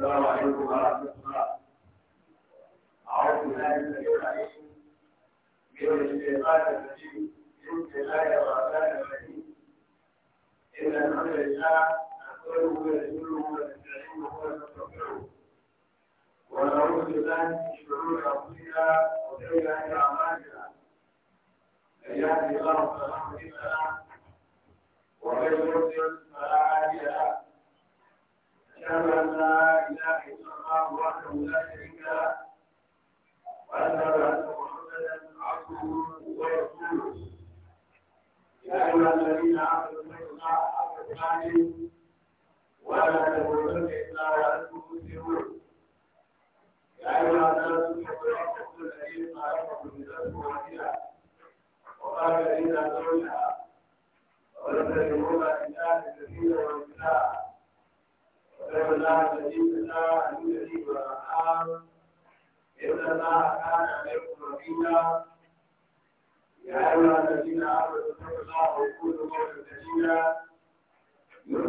السلام عليكم ورحمة الله أعوذ بالله من الشيطان الرجيم بسم الله الرحمن الرحيم إن الحمد لله نحمده ونشكره ونستعينه ونستغفره ونعوذ بالله من شرور أنفسنا وسيئات أعمالنا من يهده الله فلا مضل له ومن يضلل فلا هادي له أشهد أن لا إله إلا الله وحده لا شريك له وأن أن محمدا عبده ورسوله يا أيها الذين آمنوا اتقوا الله حق تقاته ولا تموتن إلا وأنتم مسلمون يا أيها الناس اتقوا ربكم الذي خلقكم من نفس واحدة وقال منها زوجها ولم تجدوا إلا لله كثيرا ونساء ولا الله عن الذي إن الله عليكم رقيبا يا أيها الذين آمنوا اتقوا الله وقولوا قولا سديدا أما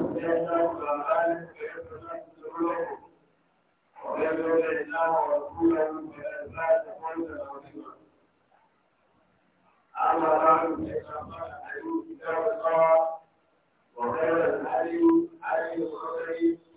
بعد فإن كتاب الله وخير الحديث حديث الخير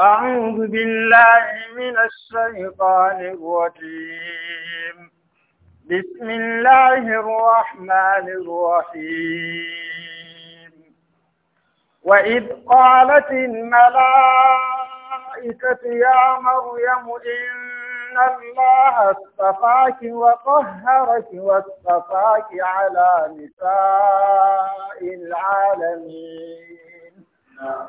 أعوذ بالله من الشيطان الرجيم بسم الله الرحمن الرحيم وإذ قالت الملائكة يا مريم إن الله اصطفاك وطهرك واصطفاك على نساء العالمين نعم.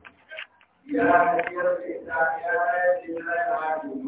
ya tafiyar da ita ya yi na yawa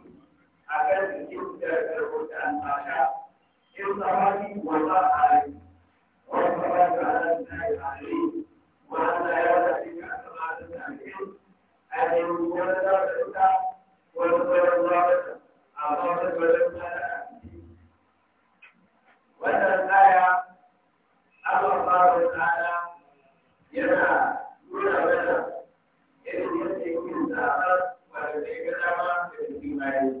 akan jinkir perbuatan maka ilmahani wala alim وَمَا كَانَ عَلِيٌّ وَأَنَا يَدْعِي أَسْمَاءَ الْعَلِيمِ أَنْ يُولَدَ الْعِلْمَ وَيُقَرَّ اللَّهُ أَمَامَ الْعَلِيمِ وَأَنَا الْآيَةُ الله تعالى يَنَا يُولَدَ بَنَا إِنْ يَسْتَكْبِرُ الْآخَرُ وَيُدْعِي كَلَامًا فِي الْإِيمَانِ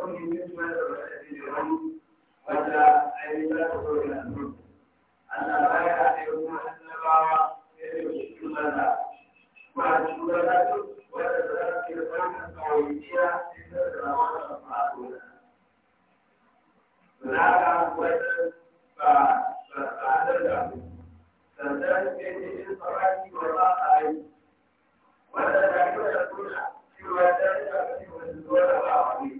كل مما يرون ولا أيضا يرون أن لا يعلم أن الله يرسل لنا وأرسل لنا وتذكر أن توحيدها إذا تناولت معقولا هناك وزن فعدده sannan ke cikin tsaraki wa za a yi wanda da kuma da kuna cewa ta yi a cikin wani zuwa da ba a wani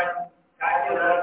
kan ka ji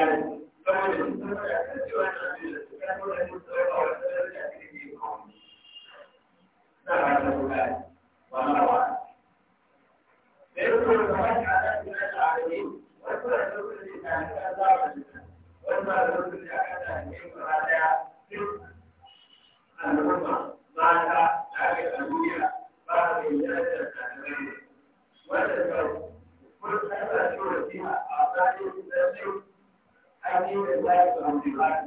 gane you would like to have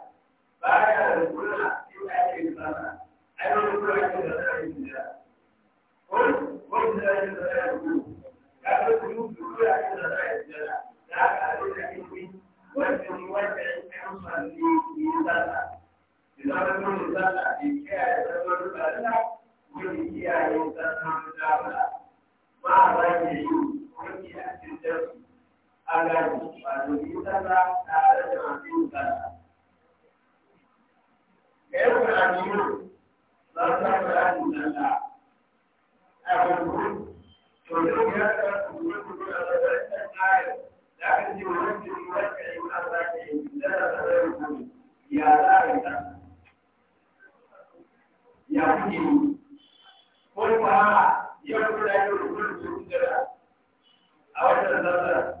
agaji ba domin sallah tare da masu yin sallah. Ɗaya ku biyu za su yi salatin sallah a gudu. To yau ya ta kuma da da ya yi wani yi ya za yi ta. Ya kuke yi. Ko kuma yau yi da a wannan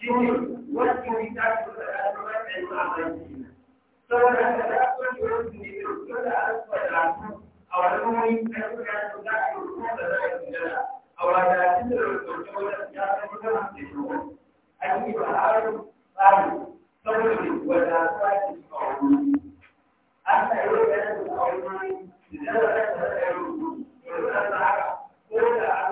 shi ne wanda da ta su da al'amari da yi amfani saboda ka da akwai wasu ne da su da al'amari a wani wani karfi da su da da za a yi da a wani da su da rubutu wani da ta mutu a cikin wani an yi ba a wani tsari saboda ne wanda su ake su a ta da su a wani da za a yi da su a wani da za a da a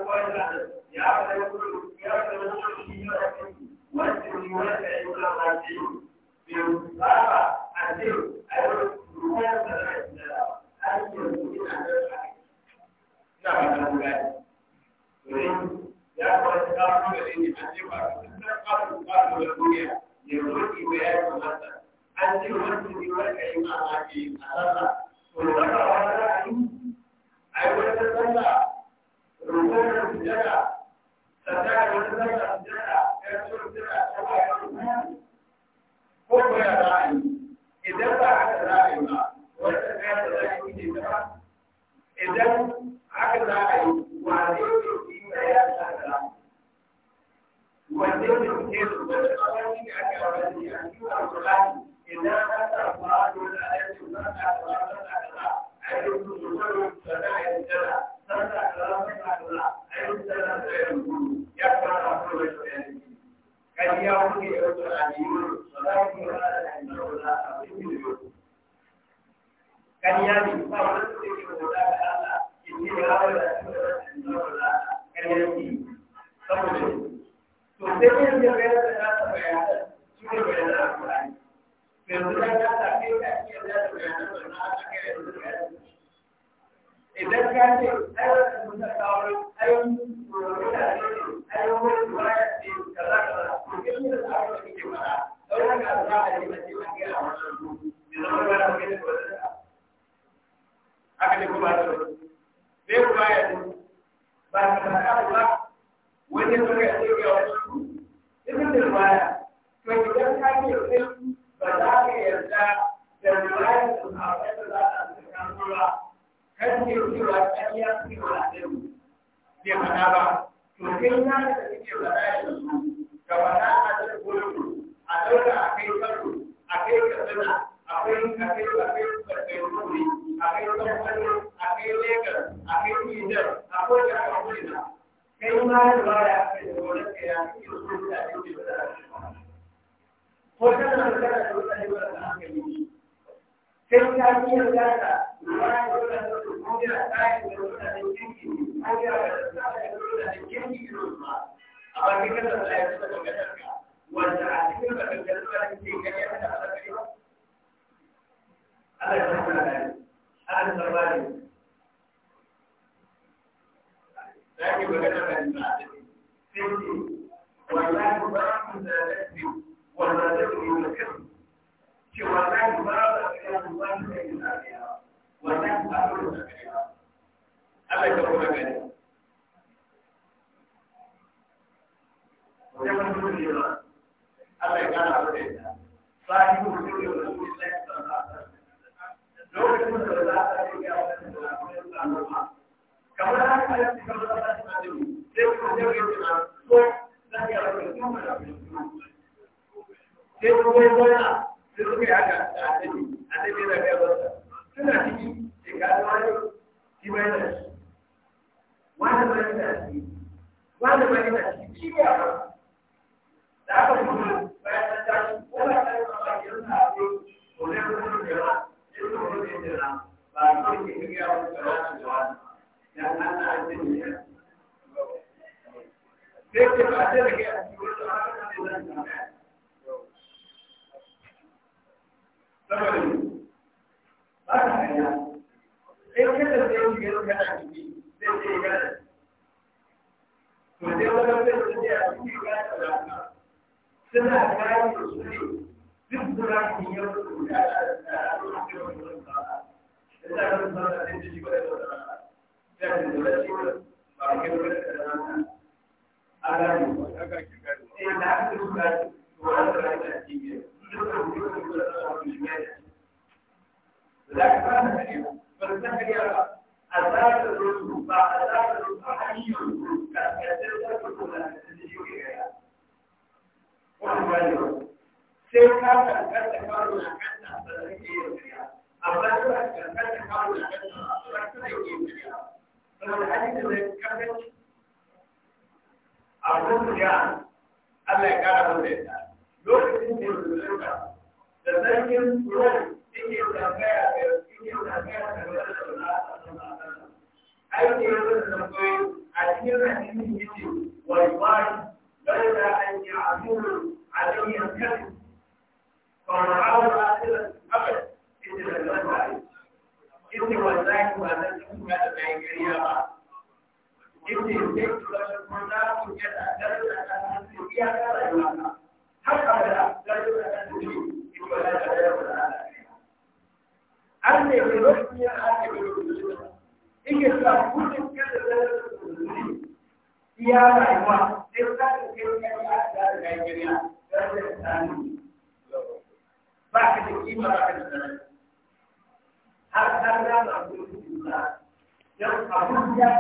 cewa kan cewa cewa ƙarya suke wadatarmu bai faɗa ba to kai na da suke faɗa yanzu ka faɗa a cikin gudu a ɗaura a kai karo a kai katsina a kai a kai a kai karfai ruri a kai kamfani a kai legas a kai nijar a kai ka aka kulina kai ma da ba da aka yi wani kaya suke gudu da ake faɗa ko tana da kana da wani da aka yi sai ka yi yarda cewa za ku ba da ƙarfi wanda ya yi wannan ba dole ne Allah ya kuma gani wajen wani mutum ne ba Allah ya kana abu da ita sahibu mutum ne wani mutum ne lokacin da za a yi ya wani da za kamar haka ko fi kamar da ta sai ko zai yi tuna so za ko yi wani kuma da sai ko yi wani sai kuma yi ko a tafi a tafi da ko wata suna ciki da gano shi ma yana ciki wani ma yana ciki wani ma yana ciki shi ne a ba da aka kuma bayan ta tashi ko ba ta yi ba ya nuna abu ko ne ko ne da ra ne ko ne da ra ba a kan ne kiriya ne da ne da ne da ne na an jini ya sai ke ba ne da ke a cikin wani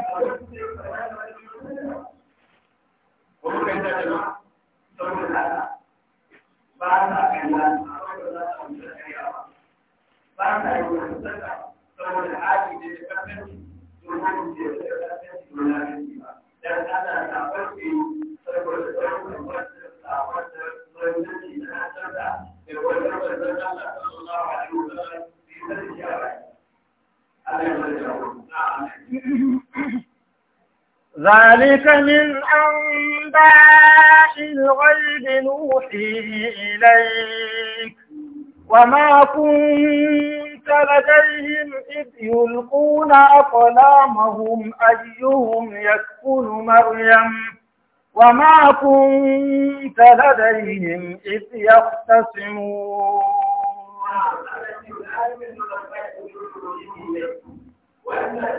Thank you. ذلك من أنباء الغيب نوحيه إليك وما كنت لديهم إذ يلقون أقلامهم أيهم يكفل مريم وما كنت لديهم إذ يختصمون وَأَنَّ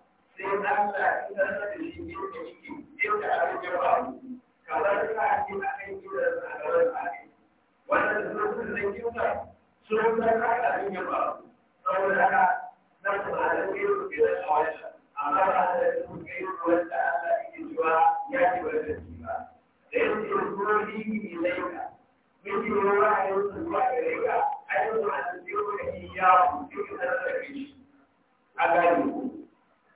sai Allah ina da shi shi abin kamar ka ce a kan a gaban ake wannan zurfin da kinka da ke rufe da shawarta amma ba da su wanda ya da shi ba ruwa zuwa a shi a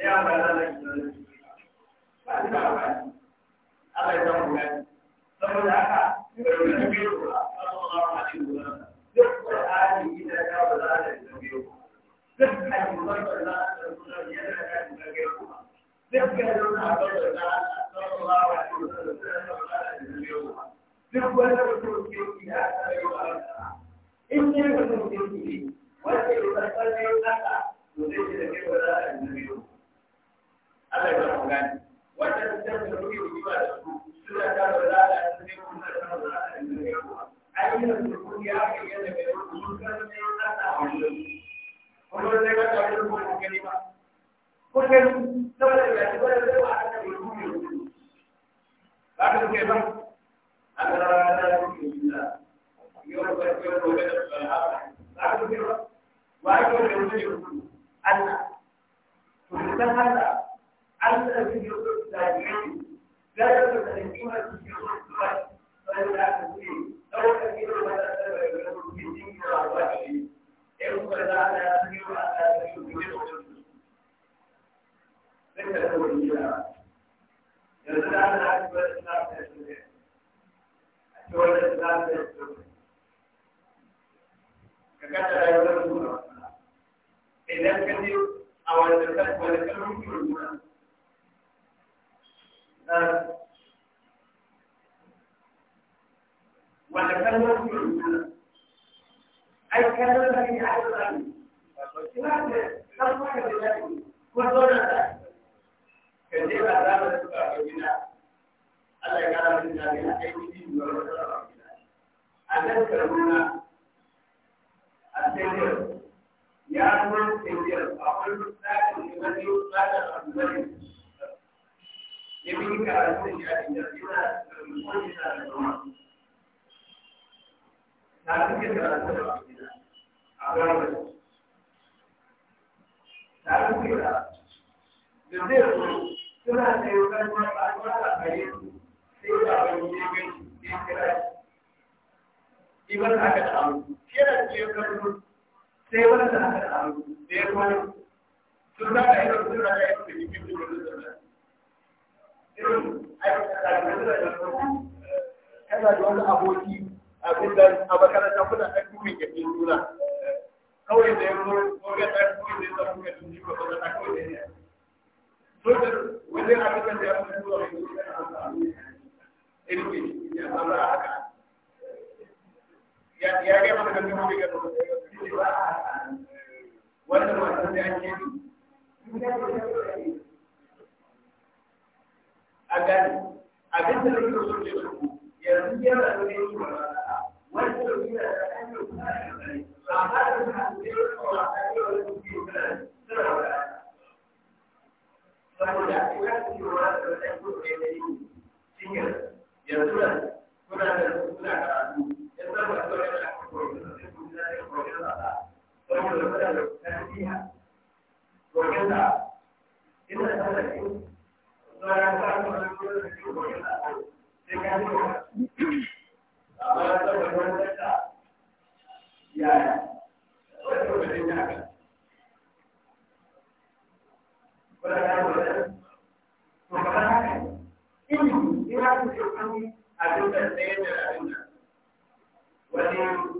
ya ba za da shi ba ni ba ba Allah ya samu gani saboda haka da biyu ba sallallahu alaihi wa sallam duk Qur'ani ina ya ba za da shi biyu duk ayyukan da za da shi yana da shi biyu duk garin da ba da sallallahu alaihi wa sallam da ba da shi biyu duk wani mutum ke yi a tsaye wa Allah in ne mutum ke yi wanda ya san sai Allah to zai ji da kai ba za a yi biyu Allah ya mu gani wannan da ta rubi rubi ba da su suna ta da za ta ta ne kuma ta da za ta ne ne ko ai ne su ke ne da ne ku ne ta ta wani kuma da ta ke ne ba ke saboda ya ci ba da ba ta ne ku ne ba ta ke ba Allah ya ta da ta da ta ke ba ba ta rubi da ku kan kama daga wanda masu da ake yi a gani abin da nake so ke su yanzu yana da ne yi wa wanda da kuma da ake kuma da amma da suna da yi wa a yi wa da suke da na, da saboda a kira su yi wa da da ake kuma da yi shi yanzu da kuna da suna da ya saboda sauran da ake kuma saboda wadanda tarihiya domin da ina da tallafi kuma da ke da yi wani wani kuma da ba da ke da da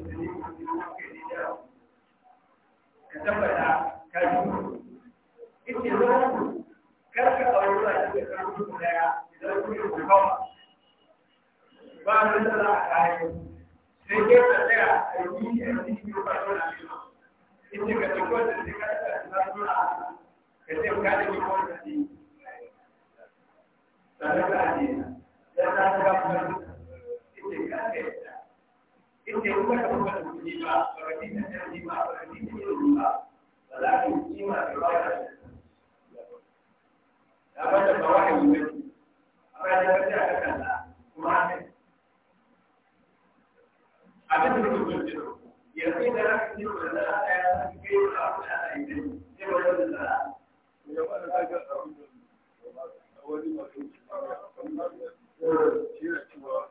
saboda karfi ita zama ku karka a wani wani da karfi ku daya idan ku yi ku kawo ba a nuna za a kayan sai dai ka tsaya a yi a yi yi ba su na nema ita ka ce kowace da ka tsaya na suna ka ce ka da ke kowace da yi sannan ka ajiye na dan za su ga kuma ita ka tsaya ita kuma ka kuma da kuɗi ba ba ka ji da ba ba الرقى رواية لا بد منه أما إذا بدأ a cikin yi a kuma ana yi ne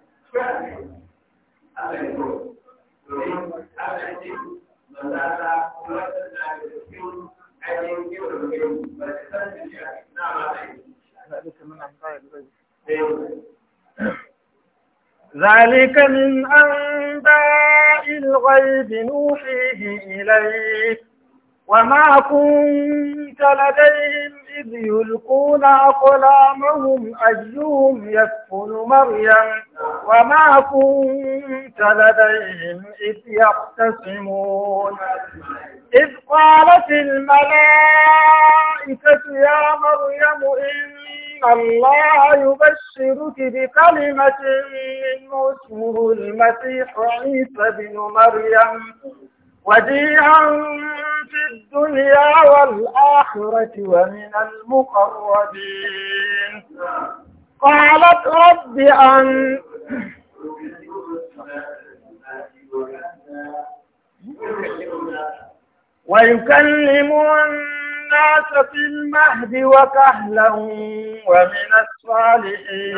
Allah ya so domin Allah ce manzata da cikin ainihin yau da ba ta san da shi na ma ta ذلك من أنباء الغيب نوحيه إليك وما كنت لديهم إذ يلقون أقلامهم أيهم يسكن مريم وما كنت لديهم إذ يختصمون إذ قالت الملائكة يا مريم إن الله يبشرك بكلمة منه اسمه المسيح عيسى بن مريم وديعا في الدنيا والآخرة ومن المقربين قالت رب أن ويكلم الناس في المهد وكهلا ومن الصالحين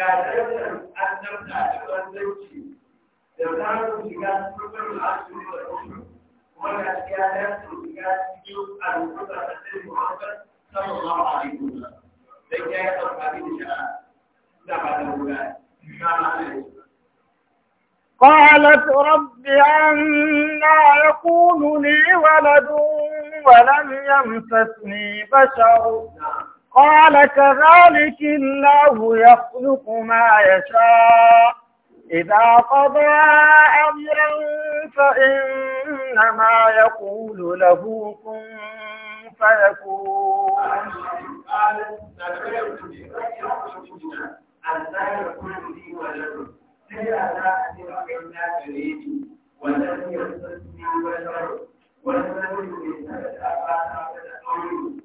قالت رب أنا يكون لي ولد ولم يمسسني بشر قال كذلك الله يخلق ما يشاء إذا قضى أمرا فإنما يقول له كن فيكون ولم يستطيع وزر ولم يستطيع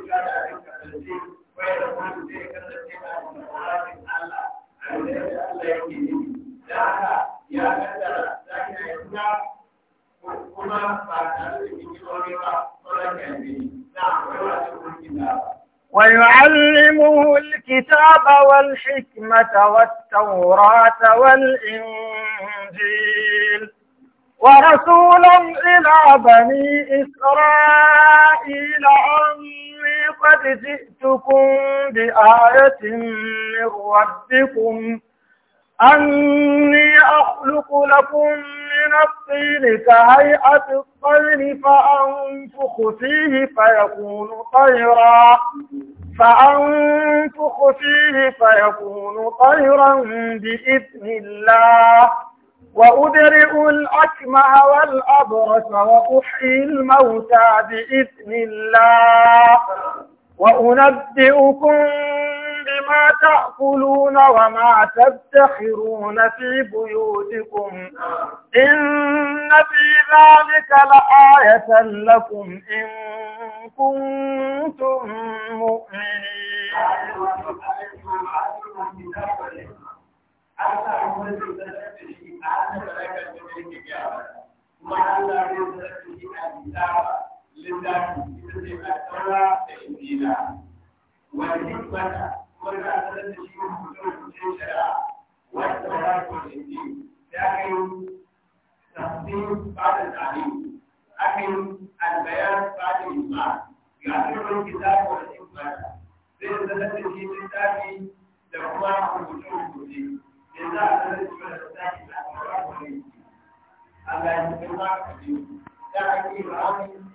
ويعلمه الكتاب والحكمة والتوراة والإنجيل ورسولا إلى بني إسرائيل لقد جئتكم بآية من ربكم أني أخلق لكم من الطين كهيئة الطير فأنفخ فيه فيكون طيرا فأنفخ فيه فيكون طيرا بإذن الله وأدرئ الأكمه والأبرص وأحيي الموتى بإذن الله وأنبئكم بما تأكلون وما تدخرون في بيوتكم إن في ذلك لآية لكم إن كنتم مؤمنين Allah littafi ita ce a tsara da injila wani hikmata wanda a sanar da shi mutum mutum shari'a wani ko ya ga kitabu sanar da shi littafi da kuma rubuce-rubuce da za a sanar da shi Allah ya Ya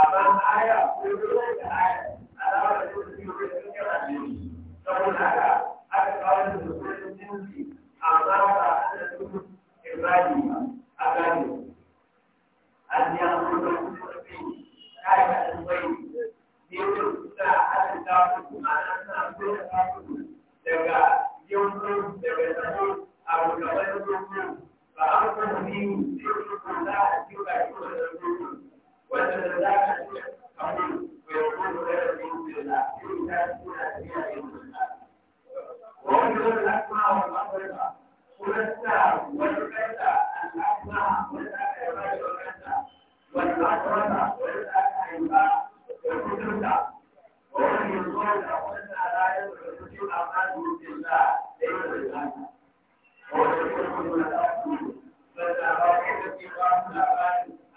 amma aya ko da aya da kuma cikin lokacin da da a da su ibadi ba da da da ta ku ma da daga yau daga sabo abu da wani da da da وجد ذلك قليل ويكون غير بإذن الله إن كانت بإذن الله ووجد الأسماء والمصرفة خلصتها والفتى الأسماء والأكبر والمصرفة والأكبر والكتبة ومن يقول أن لا يدخل أمام بإذن الله ليس بالله ويقول أن الأسماء فالأراضي التي قامت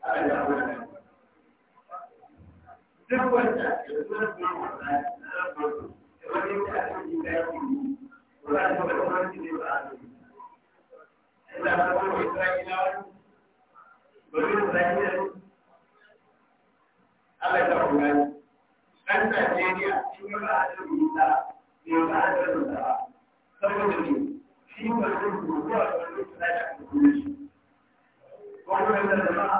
duk wanda ke zuwa da wannan da wani da ba ba ba a ba a ba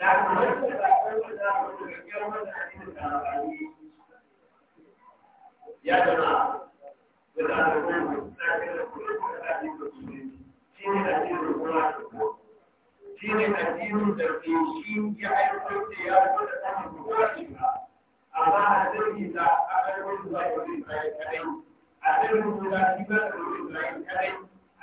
يا جماعة shine addinin da ke shi ya haifar da ya zo da kan rubuci ba amma a sirri da a ƙarfin da ya zo da kadai a sirri da shi ba da rubuci da kadai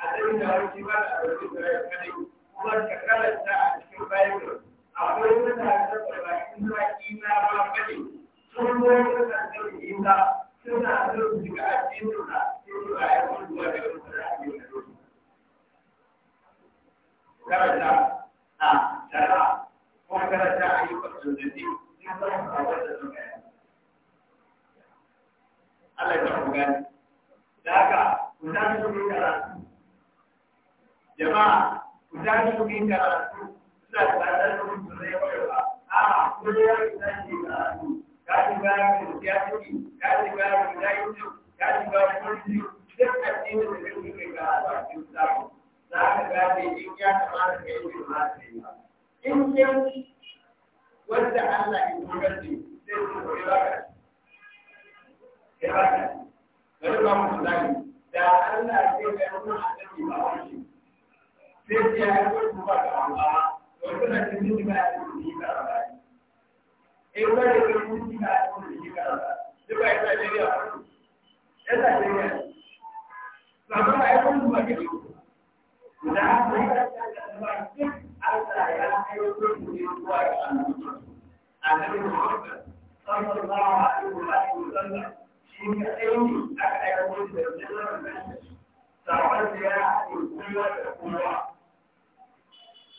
a sirri da shi ba da rubuci da kadai kuma ka kalanta a cikin bible akwai mutane da ba ina ina ba bane sun zo suna son ina son na ko Allah ya ku gani da haka ku tashi ku yi karatu jama'a ku tashi ku yi karatu sai ya yi wani ba da kuna da miji ba da miji ka ba eh kuna da miji ba da miji ka ba duk ba ita ce ya ita ce ya ba ba ai kun ba ke da ba ita ce da ba duk Allah ya kai ku ne zuwa ga Annabi Muhammad sallallahu alaihi wa sallam shi ne aini aka aika mutum da jama'a da sahabar da ya haɗe kowa da kowa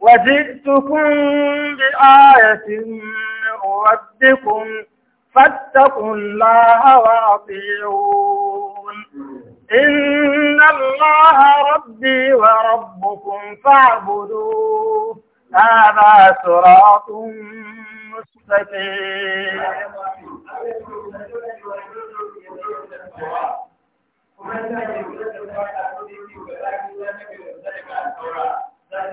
وجئتكم بآية من ربكم فاتقوا الله وأطيعون إن الله ربي وربكم فاعبدوه هذا صراط مستقيم Thank you. Yeah.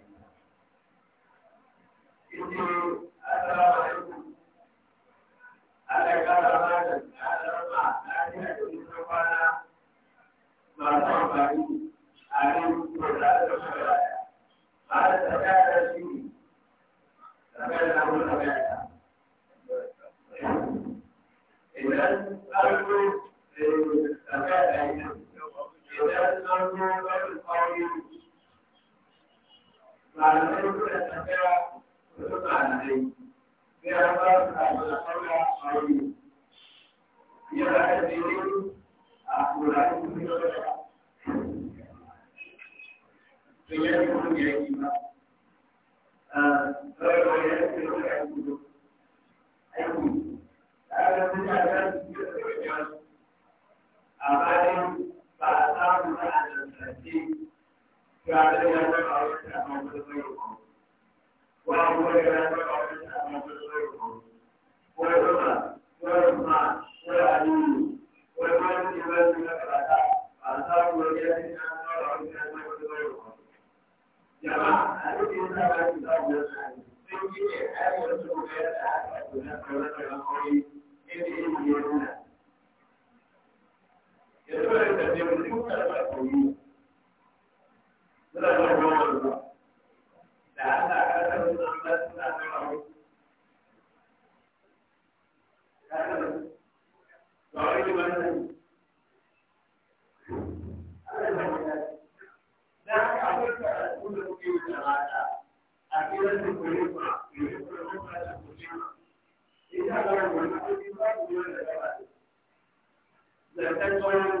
going